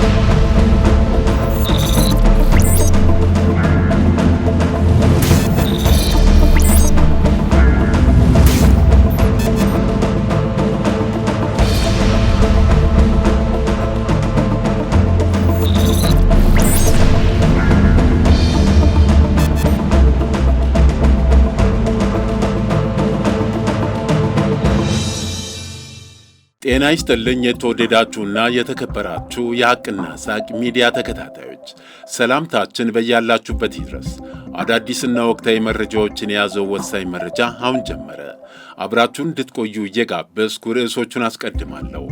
Thank you. ጤና ይስጥልኝ የተወደዳችሁና የተከበራችሁ የሐቅና ሳቅ ሚዲያ ተከታታዮች ሰላምታችን በያላችሁበት ይድረስ። አዳዲስና ወቅታዊ መረጃዎችን የያዘው ወሳኝ መረጃ አሁን ጀመረ። አብራችሁን እንድትቆዩ እየጋበዝኩ ርዕሶቹን አስቀድማለሁ።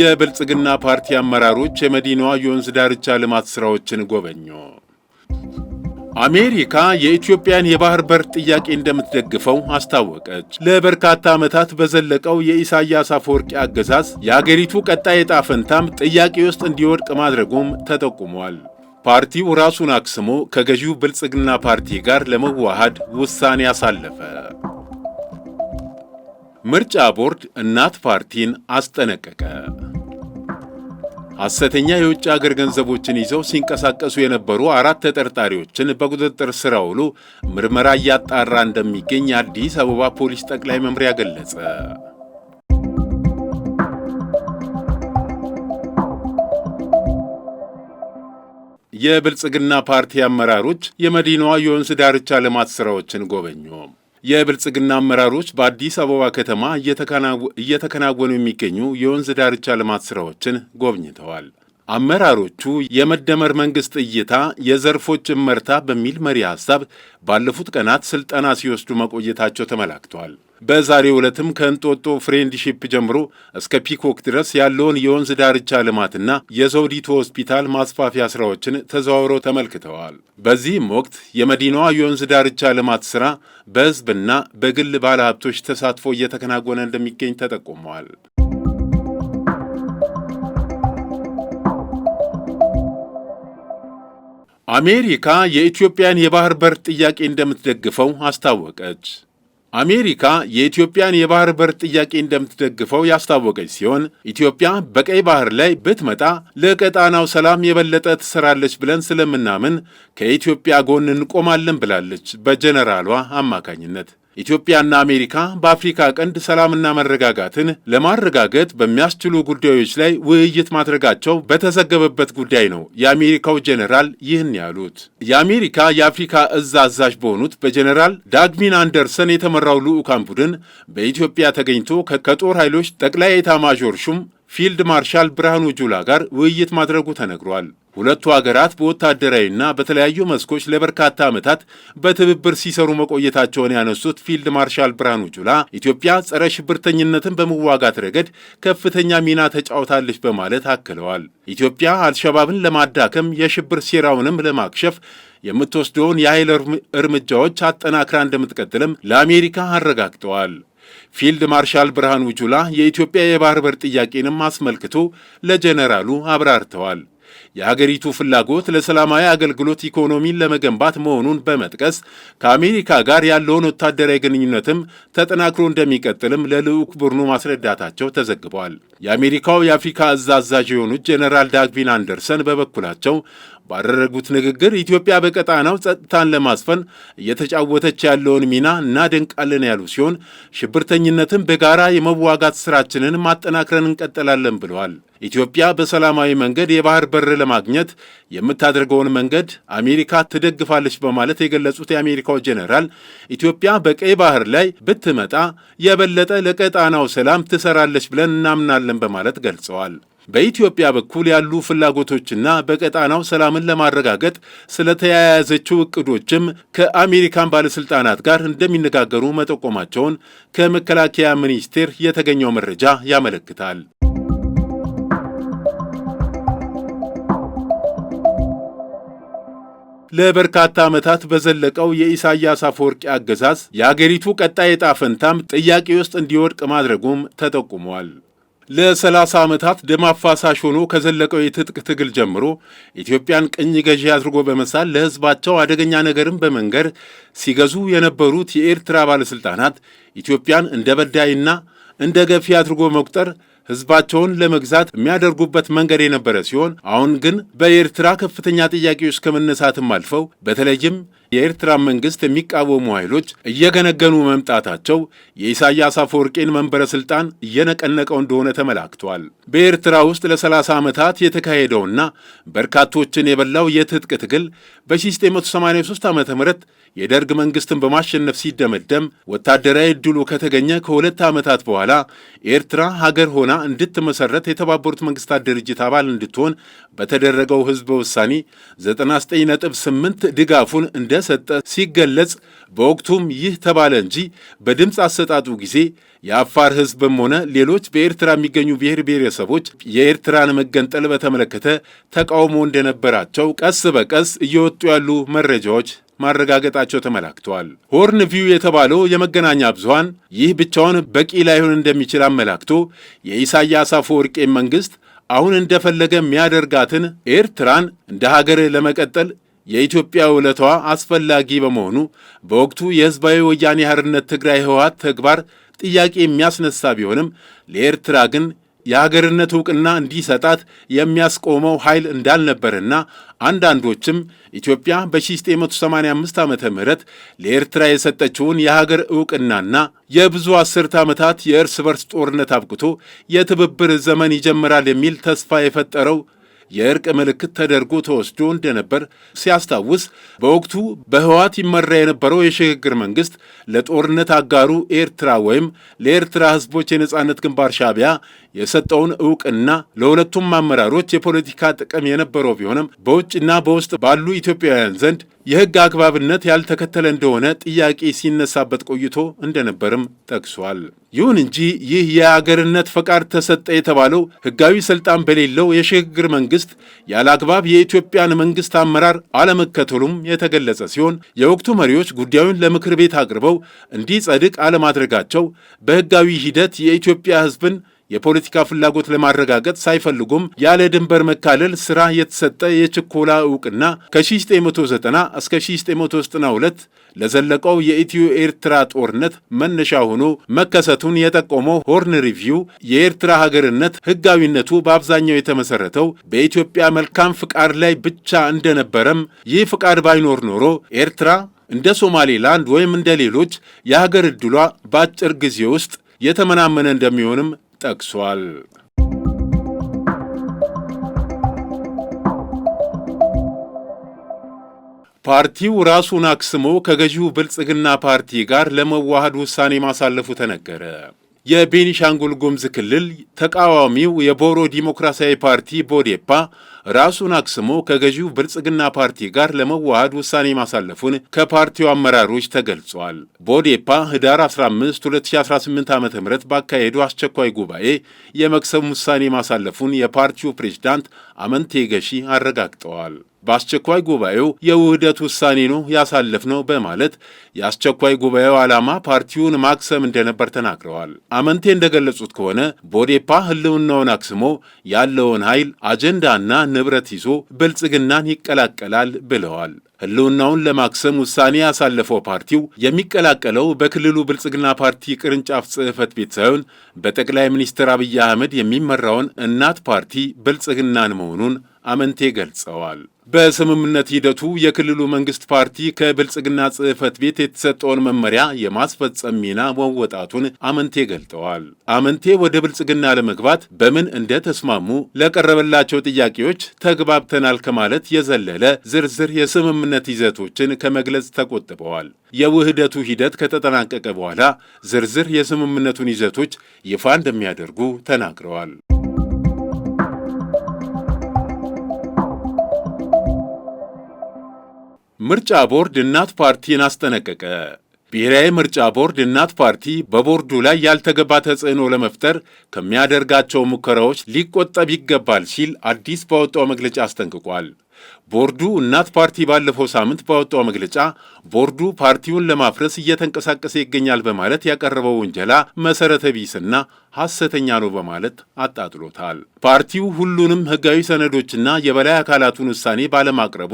የብልጽግና ፓርቲ አመራሮች የመዲናዋ የወንዝ ዳርቻ ልማት ሥራዎችን ጎበኙ። አሜሪካ የኢትዮጵያን የባህር በር ጥያቄ እንደምትደግፈው አስታወቀች። ለበርካታ ዓመታት በዘለቀው የኢሳያስ አፈወርቂ አገዛዝ የአገሪቱ ቀጣይ ዕጣ ፈንታም ጥያቄ ውስጥ እንዲወድቅ ማድረጉም ተጠቁሟል። ፓርቲው ራሱን አክስሞ ከገዢው ብልጽግና ፓርቲ ጋር ለመዋሃድ ውሳኔ አሳለፈ። ምርጫ ቦርድ እናት ፓርቲን አስጠነቀቀ። ሐሰተኛ የውጭ አገር ገንዘቦችን ይዘው ሲንቀሳቀሱ የነበሩ አራት ተጠርጣሪዎችን በቁጥጥር ስር አውሎ ምርመራ እያጣራ እንደሚገኝ አዲስ አበባ ፖሊስ ጠቅላይ መምሪያ ገለጸ። የብልጽግና ፓርቲ አመራሮች የመዲናዋ የወንዝ ዳርቻ ልማት ስራዎችን ጎበኙ። የብልጽግና አመራሮች በአዲስ አበባ ከተማ እየተከናወኑ የሚገኙ የወንዝ ዳርቻ ልማት ስራዎችን ጎብኝተዋል። አመራሮቹ የመደመር መንግስት እይታ የዘርፎች እመርታ በሚል መሪ ሀሳብ ባለፉት ቀናት ስልጠና ሲወስዱ መቆየታቸው ተመላክቷል። በዛሬ ዕለትም ከእንጦጦ ፍሬንድሺፕ ጀምሮ እስከ ፒኮክ ድረስ ያለውን የወንዝ ዳርቻ ልማትና የዘውዲቱ ሆስፒታል ማስፋፊያ ስራዎችን ተዘዋውረው ተመልክተዋል። በዚህም ወቅት የመዲናዋ የወንዝ ዳርቻ ልማት ስራ በህዝብና በግል ባለሀብቶች ተሳትፎ እየተከናወነ እንደሚገኝ ተጠቁመዋል። አሜሪካ የኢትዮጵያን የባህር በር ጥያቄ እንደምትደግፈው አስታወቀች። አሜሪካ የኢትዮጵያን የባህር በር ጥያቄ እንደምትደግፈው ያስታወቀች ሲሆን ኢትዮጵያ በቀይ ባህር ላይ ብትመጣ ለቀጣናው ሰላም የበለጠ ትሰራለች ብለን ስለምናምን ከኢትዮጵያ ጎን እንቆማለን ብላለች በጀነራሏ አማካኝነት ኢትዮጵያና አሜሪካ በአፍሪካ ቀንድ ሰላምና መረጋጋትን ለማረጋገጥ በሚያስችሉ ጉዳዮች ላይ ውይይት ማድረጋቸው በተዘገበበት ጉዳይ ነው የአሜሪካው ጀኔራል ይህን ያሉት። የአሜሪካ የአፍሪካ እዝ አዛዥ በሆኑት በጄኔራል ዳግሚን አንደርሰን የተመራው ልዑካን ቡድን በኢትዮጵያ ተገኝቶ ከጦር ኃይሎች ጠቅላይ ኤታማዦር ሹም ፊልድ ማርሻል ብርሃኑ ጁላ ጋር ውይይት ማድረጉ ተነግሯል። ሁለቱ አገራት በወታደራዊና በተለያዩ መስኮች ለበርካታ ዓመታት በትብብር ሲሰሩ መቆየታቸውን ያነሱት ፊልድ ማርሻል ብርሃኑ ጁላ ኢትዮጵያ ጸረ ሽብርተኝነትን በመዋጋት ረገድ ከፍተኛ ሚና ተጫውታለች በማለት አክለዋል። ኢትዮጵያ አልሸባብን ለማዳከም የሽብር ሴራውንም ለማክሸፍ የምትወስደውን የኃይል እርምጃዎች አጠናክራ እንደምትቀጥልም ለአሜሪካ አረጋግጠዋል። ፊልድ ማርሻል ብርሃኑ ጁላ የኢትዮጵያ የባህር በር ጥያቄንም አስመልክቶ ለጀኔራሉ አብራርተዋል። የአገሪቱ ፍላጎት ለሰላማዊ አገልግሎት ኢኮኖሚን ለመገንባት መሆኑን በመጥቀስ ከአሜሪካ ጋር ያለውን ወታደራዊ ግንኙነትም ተጠናክሮ እንደሚቀጥልም ለልዑክ ቡድኑ ማስረዳታቸው ተዘግበዋል። የአሜሪካው የአፍሪካ እዝ አዛዥ የሆኑት ጄኔራል ዳግቪን አንደርሰን በበኩላቸው ባደረጉት ንግግር ኢትዮጵያ በቀጣናው ጸጥታን ለማስፈን እየተጫወተች ያለውን ሚና እናደንቃለን ያሉ ሲሆን ሽብርተኝነትን በጋራ የመዋጋት ስራችንን ማጠናክረን እንቀጥላለን ብለዋል። ኢትዮጵያ በሰላማዊ መንገድ የባህር በር ለማግኘት የምታደርገውን መንገድ አሜሪካ ትደግፋለች በማለት የገለጹት የአሜሪካው ጄኔራል ኢትዮጵያ በቀይ ባህር ላይ ብትመጣ የበለጠ ለቀጣናው ሰላም ትሰራለች ብለን እናምናለን በማለት ገልጸዋል። በኢትዮጵያ በኩል ያሉ ፍላጎቶችና በቀጣናው ሰላምን ለማረጋገጥ ስለተያያዘችው እቅዶችም ከአሜሪካን ባለስልጣናት ጋር እንደሚነጋገሩ መጠቆማቸውን ከመከላከያ ሚኒስቴር የተገኘው መረጃ ያመለክታል። ለበርካታ ዓመታት በዘለቀው የኢሳያስ አፈወርቂ አገዛዝ የአገሪቱ ቀጣይ ዕጣ ፈንታም ጥያቄ ውስጥ እንዲወድቅ ማድረጉም ተጠቁሟል። ለ30 ዓመታት ደም አፋሳሽ ሆኖ ከዘለቀው የትጥቅ ትግል ጀምሮ ኢትዮጵያን ቅኝ ገዢ አድርጎ በመሳል ለሕዝባቸው አደገኛ ነገርን በመንገር ሲገዙ የነበሩት የኤርትራ ባለሥልጣናት ኢትዮጵያን እንደ በዳይና እንደ ገፊ አድርጎ መቁጠር ሕዝባቸውን ለመግዛት የሚያደርጉበት መንገድ የነበረ ሲሆን አሁን ግን በኤርትራ ከፍተኛ ጥያቄዎች ከመነሳትም አልፈው በተለይም የኤርትራ መንግስት የሚቃወሙ ኃይሎች እየገነገኑ መምጣታቸው የኢሳያስ አፈወርቄን መንበረ ስልጣን እየነቀነቀው እንደሆነ ተመላክቷል። በኤርትራ ውስጥ ለ30 ዓመታት የተካሄደውና በርካቶችን የበላው የትጥቅ ትግል በ1983 ዓ ም የደርግ መንግስትን በማሸነፍ ሲደመደም ወታደራዊ ዕድሉ ከተገኘ ከሁለት ዓመታት በኋላ ኤርትራ ሀገር ሆና እንድትመሰረት የተባበሩት መንግስታት ድርጅት አባል እንድትሆን በተደረገው ህዝበ ውሳኔ 99.8 ድጋፉን እንደ እንደሰጠ ሲገለጽ በወቅቱም ይህ ተባለ እንጂ በድምፅ አሰጣጡ ጊዜ የአፋር ሕዝብም ሆነ ሌሎች በኤርትራ የሚገኙ ብሔር ብሔረሰቦች የኤርትራን መገንጠል በተመለከተ ተቃውሞ እንደነበራቸው ቀስ በቀስ እየወጡ ያሉ መረጃዎች ማረጋገጣቸው ተመላክተዋል። ሆርን ቪው የተባለው የመገናኛ ብዙሃን ይህ ብቻውን በቂ ላይሆን እንደሚችል አመላክቶ የኢሳያስ አፈወርቄ መንግስት አሁን እንደፈለገ የሚያደርጋትን ኤርትራን እንደ ሀገር ለመቀጠል የኢትዮጵያ ውለቷ አስፈላጊ በመሆኑ በወቅቱ የህዝባዊ ወያኔ ሀርነት ትግራይ ህወሓት ተግባር ጥያቄ የሚያስነሳ ቢሆንም ለኤርትራ ግን የሀገርነት እውቅና እንዲሰጣት የሚያስቆመው ኃይል እንዳልነበርና አንዳንዶችም ኢትዮጵያ በ1985 ዓ ም ለኤርትራ የሰጠችውን የሀገር ዕውቅናና የብዙ አስርት ዓመታት የእርስ በርስ ጦርነት አብቅቶ የትብብር ዘመን ይጀምራል የሚል ተስፋ የፈጠረው የእርቅ ምልክት ተደርጎ ተወስዶ እንደነበር ሲያስታውስ በወቅቱ በህወሓት ይመራ የነበረው የሽግግር መንግስት ለጦርነት አጋሩ ኤርትራ ወይም ለኤርትራ ህዝቦች የነጻነት ግንባር ሻቢያ የሰጠውን እውቅና ለሁለቱም አመራሮች የፖለቲካ ጥቅም የነበረው ቢሆንም በውጭና በውስጥ ባሉ ኢትዮጵያውያን ዘንድ የህግ አግባብነት ያልተከተለ እንደሆነ ጥያቄ ሲነሳበት ቆይቶ እንደነበርም ጠቅሷል። ይሁን እንጂ ይህ የአገርነት ፈቃድ ተሰጠ የተባለው ሕጋዊ ስልጣን በሌለው የሽግግር መንግስት ያለ አግባብ የኢትዮጵያን መንግስት አመራር አለመከተሉም የተገለጸ ሲሆን የወቅቱ መሪዎች ጉዳዩን ለምክር ቤት አቅርበው እንዲጸድቅ አለማድረጋቸው በሕጋዊ ሂደት የኢትዮጵያ ሕዝብን የፖለቲካ ፍላጎት ለማረጋገጥ ሳይፈልጉም ያለ ድንበር መካለል ስራ የተሰጠ የችኮላ እውቅና ከ1990 እስከ 992 ለዘለቀው የኢትዮ ኤርትራ ጦርነት መነሻ ሆኖ መከሰቱን የጠቆመው ሆርን ሪቪው የኤርትራ ሀገርነት ህጋዊነቱ በአብዛኛው የተመሰረተው በኢትዮጵያ መልካም ፍቃድ ላይ ብቻ እንደነበረም ይህ ፍቃድ ባይኖር ኖሮ ኤርትራ እንደ ሶማሌላንድ ወይም እንደ ሌሎች የሀገር ዕድሏ በአጭር ጊዜ ውስጥ የተመናመነ እንደሚሆንም ጠቅሷል። ፓርቲው ራሱን አክስሞ ከገዢው ብልጽግና ፓርቲ ጋር ለመዋሃድ ውሳኔ ማሳለፉ ተነገረ። የቤኒሻንጉል ጉምዝ ክልል ተቃዋሚው የቦሮ ዲሞክራሲያዊ ፓርቲ ቦዴፓ ራሱን አክስሞ ከገዢው ብልጽግና ፓርቲ ጋር ለመዋሃድ ውሳኔ ማሳለፉን ከፓርቲው አመራሮች ተገልጿል። ቦዴፓ ህዳር 15 2018 ዓ ም ባካሄዱ አስቸኳይ ጉባኤ የመክሰም ውሳኔ ማሳለፉን የፓርቲው ፕሬዝዳንት አመንቴ ገሺ አረጋግጠዋል። በአስቸኳይ ጉባኤው የውህደት ውሳኔ ነው ነው በማለት የአስቸኳይ ጉባኤው ዓላማ ፓርቲውን ማክሰም እንደነበር ተናግረዋል። አመንቴ እንደገለጹት ከሆነ ቦዴፓ ህልውናውን አክስሞ ያለውን ኃይል አጀንዳና ንብረት ይዞ ብልጽግናን ይቀላቀላል ብለዋል። ህልውናውን ለማክሰም ውሳኔ ያሳለፈው ፓርቲው የሚቀላቀለው በክልሉ ብልጽግና ፓርቲ ቅርንጫፍ ጽህፈት ቤት ሳይሆን በጠቅላይ ሚኒስትር አብይ አህመድ የሚመራውን እናት ፓርቲ ብልጽግናን መሆኑን አመንቴ ገልጸዋል። በስምምነት ሂደቱ የክልሉ መንግስት ፓርቲ ከብልጽግና ጽህፈት ቤት የተሰጠውን መመሪያ የማስፈጸም ሚና መወጣቱን አመንቴ ገልጠዋል። አመንቴ ወደ ብልጽግና ለመግባት በምን እንደተስማሙ ለቀረበላቸው ጥያቄዎች ተግባብተናል ከማለት የዘለለ ዝርዝር የስምምነት ይዘቶችን ከመግለጽ ተቆጥበዋል። የውህደቱ ሂደት ከተጠናቀቀ በኋላ ዝርዝር የስምምነቱን ይዘቶች ይፋ እንደሚያደርጉ ተናግረዋል። ምርጫ ቦርድ እናት ፓርቲን አስጠነቀቀ። ብሔራዊ ምርጫ ቦርድ እናት ፓርቲ በቦርዱ ላይ ያልተገባ ተጽዕኖ ለመፍጠር ከሚያደርጋቸው ሙከራዎች ሊቆጠብ ይገባል ሲል አዲስ ባወጣው መግለጫ አስጠንቅቋል። ቦርዱ እናት ፓርቲ ባለፈው ሳምንት ባወጣው መግለጫ ቦርዱ ፓርቲውን ለማፍረስ እየተንቀሳቀሰ ይገኛል በማለት ያቀረበው ውንጀላ መሰረተ ቢስና ሐሰተኛ ነው በማለት አጣጥሎታል። ፓርቲው ሁሉንም ሕጋዊ ሰነዶችና የበላይ አካላቱን ውሳኔ ባለማቅረቡ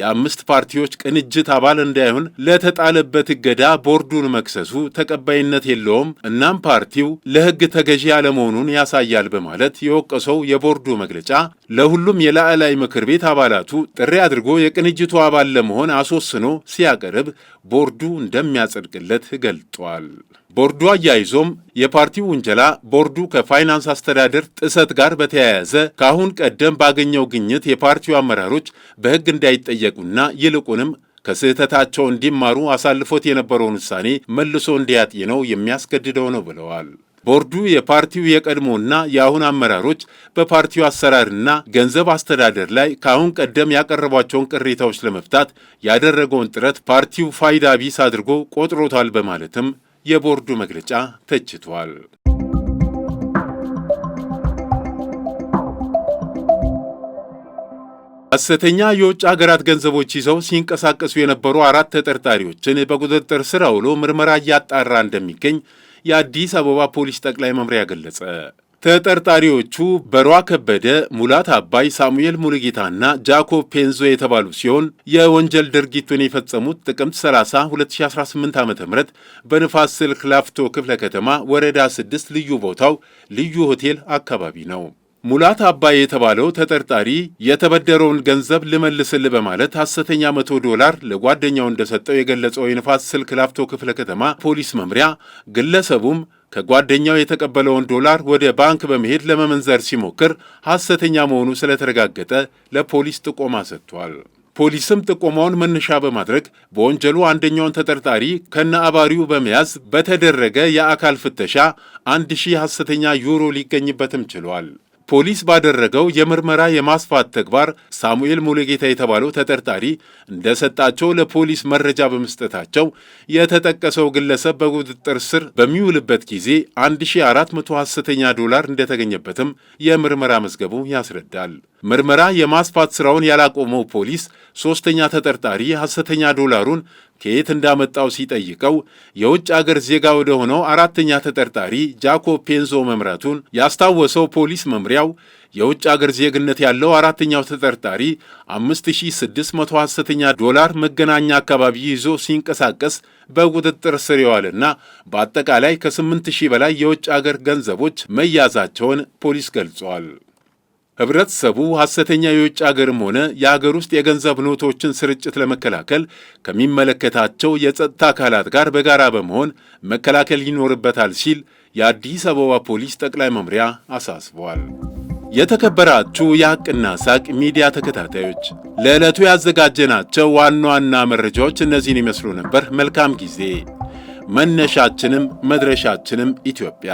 የአምስት ፓርቲዎች ቅንጅት አባል እንዳይሆን ለተጣለበት እገዳ ቦርዱን መክሰሱ ተቀባይነት የለውም፣ እናም ፓርቲው ለሕግ ተገዢ አለመሆኑን ያሳያል በማለት የወቀሰው የቦርዱ መግለጫ ለሁሉም የላዕላይ ምክር ቤት አባላቱ ጥሪ አድርጎ የቅንጅቱ አባል ለመሆን አስወስኖ ሲያቀርብ ቦርዱ እንደሚያጸድቅለት ገልጧል። ቦርዱ አያይዞም የፓርቲው ውንጀላ ቦርዱ ከፋይናንስ አስተዳደር ጥሰት ጋር በተያያዘ ከአሁን ቀደም ባገኘው ግኝት የፓርቲው አመራሮች በሕግ እንዳይጠየቁና ይልቁንም ከስህተታቸው እንዲማሩ አሳልፎት የነበረውን ውሳኔ መልሶ እንዲያጤነው የሚያስገድደው ነው ብለዋል። ቦርዱ የፓርቲው የቀድሞና የአሁን አመራሮች በፓርቲው አሰራርና ገንዘብ አስተዳደር ላይ ከአሁን ቀደም ያቀረቧቸውን ቅሬታዎች ለመፍታት ያደረገውን ጥረት ፓርቲው ፋይዳ ቢስ አድርጎ ቆጥሮታል በማለትም የቦርዱ መግለጫ ተችቷል። ሐሰተኛ የውጭ ሀገራት ገንዘቦች ይዘው ሲንቀሳቀሱ የነበሩ አራት ተጠርጣሪዎችን በቁጥጥር ስር አውሎ ምርመራ እያጣራ እንደሚገኝ የአዲስ አበባ ፖሊስ ጠቅላይ መምሪያ ገለጸ። ተጠርጣሪዎቹ በሯ ከበደ፣ ሙላት አባይ፣ ሳሙኤል ሙሉጌታና ጃኮብ ፔንዞ የተባሉ ሲሆን የወንጀል ድርጊቱን የፈጸሙት ጥቅምት 30 2018 ዓ ም በንፋስ ስልክ ላፍቶ ክፍለ ከተማ ወረዳ 6 ልዩ ቦታው ልዩ ሆቴል አካባቢ ነው። ሙላት አባይ የተባለው ተጠርጣሪ የተበደረውን ገንዘብ ልመልስል በማለት ሐሰተኛ መቶ ዶላር ለጓደኛው እንደሰጠው የገለጸው የንፋስ ስልክ ላፍቶ ክፍለ ከተማ ፖሊስ መምሪያ ግለሰቡም ከጓደኛው የተቀበለውን ዶላር ወደ ባንክ በመሄድ ለመመንዘር ሲሞክር ሐሰተኛ መሆኑ ስለተረጋገጠ ለፖሊስ ጥቆማ ሰጥቷል። ፖሊስም ጥቆማውን መነሻ በማድረግ በወንጀሉ አንደኛውን ተጠርጣሪ ከነ አባሪው በመያዝ በተደረገ የአካል ፍተሻ አንድ ሺህ ሐሰተኛ ዩሮ ሊገኝበትም ችሏል። ፖሊስ ባደረገው የምርመራ የማስፋት ተግባር ሳሙኤል ሙሉጌታ የተባለው ተጠርጣሪ እንደሰጣቸው ለፖሊስ መረጃ በመስጠታቸው የተጠቀሰው ግለሰብ በቁጥጥር ስር በሚውልበት ጊዜ 1400 ሐሰተኛ ዶላር እንደተገኘበትም የምርመራ መዝገቡ ያስረዳል። ምርመራ የማስፋት ስራውን ያላቆመው ፖሊስ ሶስተኛ ተጠርጣሪ ሐሰተኛ ዶላሩን ከየት እንዳመጣው ሲጠይቀው የውጭ አገር ዜጋ ሆነው አራተኛ ተጠርጣሪ ጃኮብ ፔንዞ መምራቱን ያስታወሰው ፖሊስ መምሪያው የውጭ አገር ዜግነት ያለው አራተኛው ተጠርጣሪ 5600 ሐሰተኛ ዶላር መገናኛ አካባቢ ይዞ ሲንቀሳቀስ በቁጥጥር ስር ይዋልና በአጠቃላይ ከ8000 በላይ የውጭ አገር ገንዘቦች መያዛቸውን ፖሊስ ገልጿል። ህብረተሰቡ ሐሰተኛ የውጭ አገርም ሆነ የአገር ውስጥ የገንዘብ ኖቶችን ስርጭት ለመከላከል ከሚመለከታቸው የጸጥታ አካላት ጋር በጋራ በመሆን መከላከል ይኖርበታል ሲል የአዲስ አበባ ፖሊስ ጠቅላይ መምሪያ አሳስቧል። የተከበራችሁ የሐቅና ሳቅ ሚዲያ ተከታታዮች ለዕለቱ ያዘጋጀናቸው ዋና ዋና መረጃዎች እነዚህን ይመስሉ ነበር። መልካም ጊዜ። መነሻችንም መድረሻችንም ኢትዮጵያ።